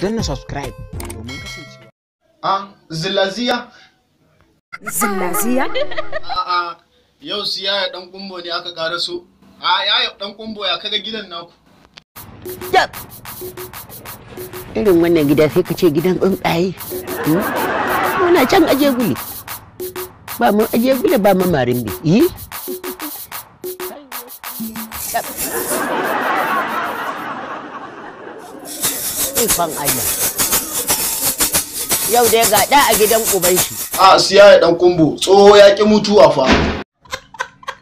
danna subscribe domin kasancewa. A zillaziya? Zillaziya? A'a yau su yaya dan kumbo ne aka kara so. A yaya dan kumbo ya kaga gidan naku. Yap! Irin wannan gida sai ka ce gidan tsuntsaye. Hmm? Muna can aje guli. Ba mun aje guli ba mu marimbi. Yi? ikon Allah yau dai ga da a gidan uban shi a siya ya dan kumbu tsoho ya ki mutuwa fa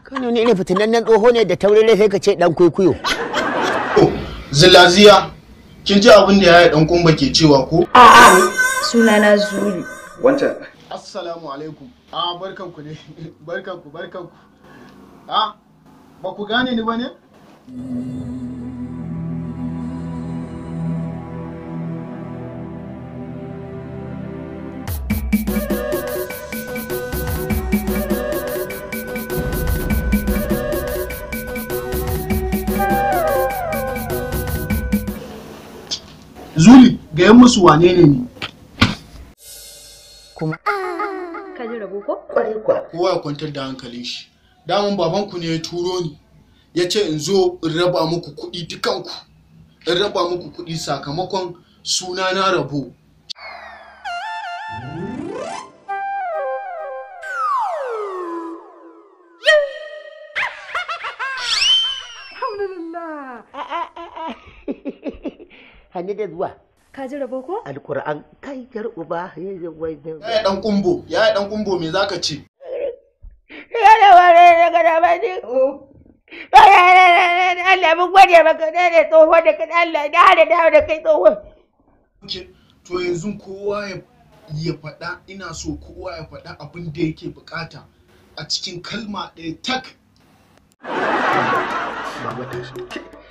kano ne nan tsoho ne da taurare sai ka ce dan kwaikwayo oh, zilaziya kin ji abin da ya dan kumba ke cewa ko a'a sunana zuri wancan assalamu alaikum a barkanku ne barkanku barkanku a ba ku gane ni ba ne Zuli ga yan musu wane ne ni. Kuma. Ka ji rabo ko? kwari kwa. Kowa kwantar da hankalin shi. Daman babanku ne ya turo ni. Ya ce in zo in raba muku kuɗi dukanku. In raba muku kuɗi sakamakon suna na rabo. sanni da zuwa ka ji rabo ko alkur'an kai jar uba ya dan kumbo ya dan kumbo me zaka ci ya da ware ya ga da bani Allah mun gode maka da ne tsoho da kai Allah da hada da da kai tsoho to yanzu kowa ya ya faɗa ina so kowa ya faɗa abin da yake bukata a cikin kalma ɗaya tak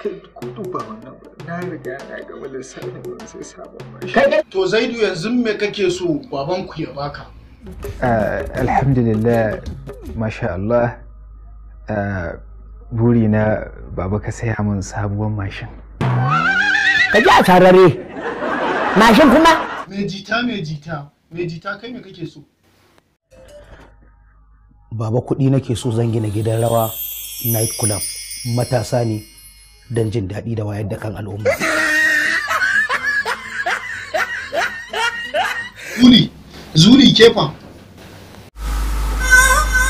wannan na riga na gama lissafin sai sabon To Zaidu yanzu me kake so baban ku ya baka? Eh, alhamdulillah, masha Allah, eh, buri na baba ka saya min sabuwar mashin. Ka ji a sarare, mashin kuma? Me jita me jita, me jita kai me kake so? Baba kuɗi nake so zan gina gidan rawa night club matasa ne don jin daɗi da wayar da kan al'umma. Zuri, zuri kefa.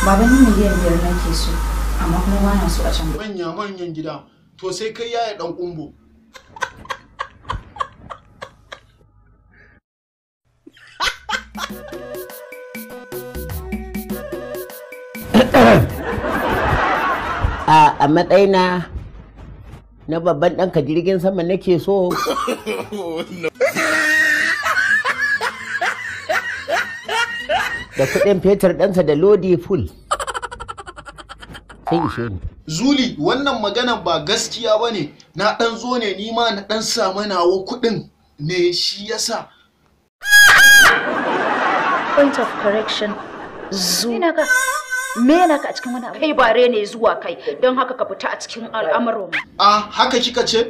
Baba ni miliyan biyar ke so, amma kuma ba na so a can. Manya manyan gida, to sai kai yaya ɗan kumbo. a matsayina na babban ɗanka jirgin sama nake so da kuɗin fetur ɗansa da lodi full zuli wannan magana ba gaskiya ba ne na ɗan zo ne nima na ɗan samu nawo kuɗin ne shi yasa point of correction zuli me ka a cikin wani abu kai ba ne zuwa kai don haka ka fita a cikin al'amuran a haka kika ce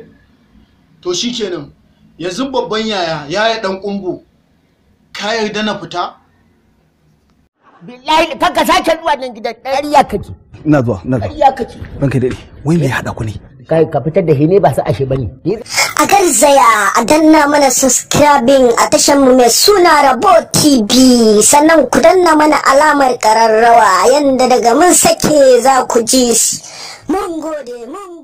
to shikenan yanzu babban yaya yaya dan kumbu ka yarda na fita billahi ka sake zuwa nan gidan ɗariya kake ina zuwa ina zuwa ɗariya kake ban kai dai wai me ya hada ku ne kai ka fitar da hine ba su ashe bane a garzaya a danna mana subscribing a tashar mu mai suna rabo tv sannan ku danna mana alamar kararrawa yanda daga mun sake za ku ji mun gode mun